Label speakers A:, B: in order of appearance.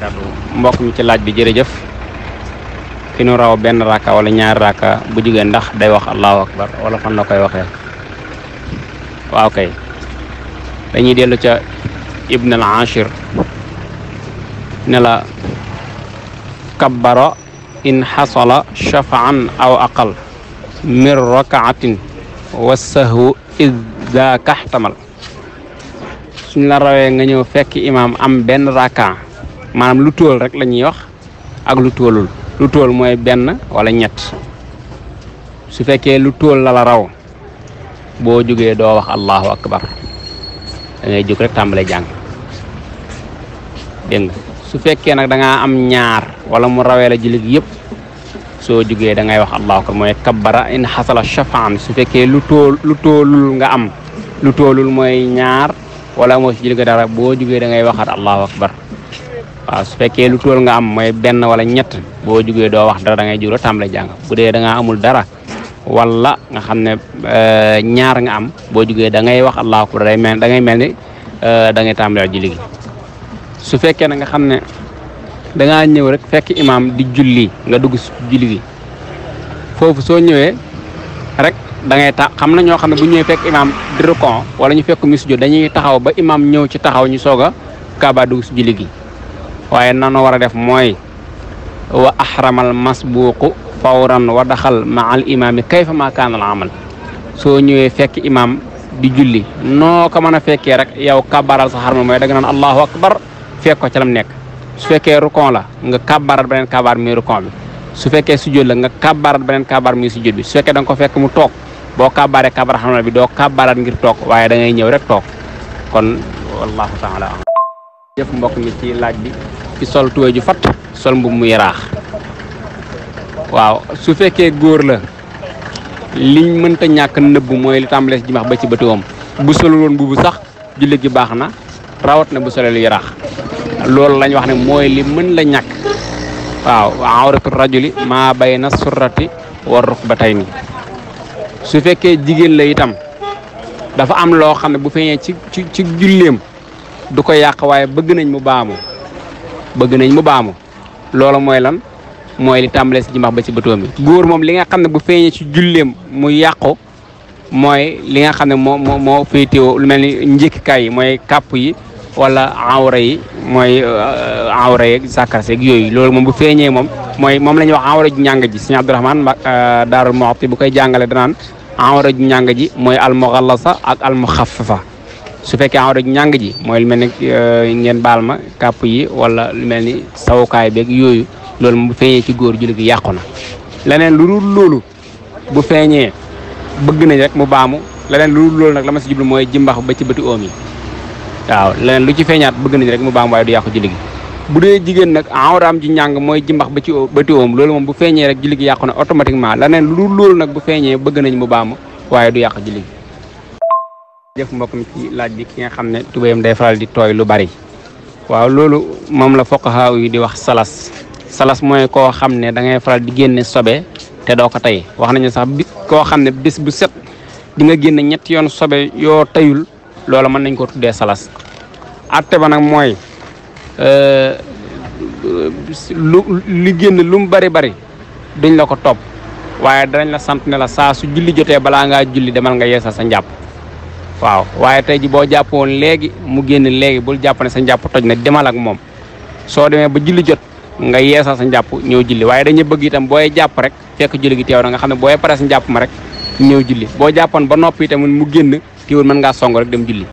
A: barakaatu mbokk mi ci laaj bi jërëjëf nu raw benn raka wala ñaari raka bu jugee ndax day wax allahu akbar wala fan la koy waxee waaw kay dañuy dellu ca ibn al ashir ne la kabbara in xasala shafaan aw aqal min rakaatin wasahwu id daa kaxtamal suñ la rawee nga ñëw fekk am benn raka manam lu tóol rek la wax ak lu tóolul lu tóol moy ben wala ñet su fekke lu tóol la la raw bo joge do wax allahu akbar da ngay jóg rek tàmbale jang ben su fekke nak da nga am ñaar wala mu rawé la jullit yépp so joge da ngay wax allahu akbar moy kabbara in hasala shafaan su fekke lu tóol lu tóolul nga am lu tóolul moy ñaar wala mo ci jullit dara bo joge da ngay waxat allahu akbar waaw su fekkee lu tool nga am mooy benn wala ñett boo jugee doo wax dara da ngay jura tàmbale jàng bu dee da ngaa amul dara wala nga xam ne euh, ñaar nga am boo jugee da ngay wax allahu akbar day mel da ngay mel ni euh, da ngay tàmbale ji su fekkee na nga xam ne da ngaa ñëw rek fekk imaam di julli nga dugg julli gi foofu soo ñëwee rek da ngay ta xam na ñoo xam ne bu ñëwee fekk imaam di rukon wala ñu fekk misjo dañuy taxaw ba imaam ñëw ci taxaw ñu soog a kaaba dugg si julli waye nanu wara def moy wa ahramal masbuq fawran wa dakhal ma al kayfa ma kana al amal soo fekk imam di julli no ko mëna fekké rek yow kabaral sa harma moy da allahu akbar fekk ko ci lam nek su fekké rukon la nga kabaral benen kabar mi rukon bi su fekké sujud la nga kabaral benen kabar mi sujud bi su fekké dang ko fekk mu tok bo kabaré kabar harma bi do kabaral ngir tok waye da ngay ñew rek tok kon wallahu taala def mbokk mi ci laaj bi ci sol tuwe ju fat sol mbubb mu yaraax waaw su fekkee góor la liñ mënta ñàkk nëbb mooy li tàmbalee jimax ba ci bëti wam bu solul woon mbubb sax julli gi baax na rawat na bu solee lu yaraax loolu lañ wax ne mooy li mën la ñàkk waaw awratu rajuli maa bayna surrati war rukbatayni su fekkee jigéen la itam dafa am loo xam ne bu feeñee ci ci ci julleem du ko yàq waaye bëgg nañ mu baamu bëgg nañ mu baamu loolu mooy lan mooy li tàmbalee si jimbax ba si bëtoom yi góor moom li nga xam ne bu feeñee ci julleem mu yàqu mooy li nga xam ne moo moo moo féetewoo lu mel ni njëkkikaay yi mooy kàpp yi wala awra yi mooy euh, awra yeeg sàkkar seeg yooyu loolu moom bu feeñee moom mooy moom la ñuy wax awra ju ñàng ji sëñ Abdourahman euh, daarul bu koy jàngale danaan awra ju ñàng ji mooy almuxallasa ak almuxaffafa su fekkee rek ñang ji moy lu melni euh, ngeen baal ma kàpp yi wala lu melni ni sawukaay beeg yoyu lool mu feñe ci goor julli gi yàqu leneen lu dul loolu bu feñe bëgg nañ rek mu baamu leneen lu dul lool nak lama ci jiblu moy jimbax ba ci beuti omi waaw leneen lu ci feeñaat bëgg nañ rek mu baamu way du yàqu julli gi bu jigen nak nag ram ji ñang moy jimbax ba ci beuti oom lool moom bu feñe rek julli gi automatiquement leneen lu dul lool nak bu feñe bëgg nañ mu baamu way du yàq julli def mbokk mi ci laaj bi ki nga xam ne day faral di tooy lu bari waaw loolu moom la foqaxaaw yi di wax salas salas mooy koo xam ne da ngay faral di génne sobe te doo ko tey wax nañu sax koo xam ne bis bu set di nga génne ñetti yoon sobe yoo tayul loola mën nañ ko tuddee salas atte ba nag mooy euh, lu li génn lu mu bari bari duñ la ko topp waaye danañ la sant ne la saa su julli jotee balaa ngaa julli demal nga yeesal sa njàpp waaw waaye tey ji boo jàpp woon léegi mu génn léegi bul jàpp ne sa njàpp toj na demal ak moom soo demee ba julli jot nga yeesal sa njàpp ñëw julli waaye dañu bëgg itam booy jàpp rek fekk julli gi teew na nga xam ne booy pare sa njàpp ma rek ñëw julli boo jàppoon ba noppi itam mu génn teewul mën ngaa song rek dem julli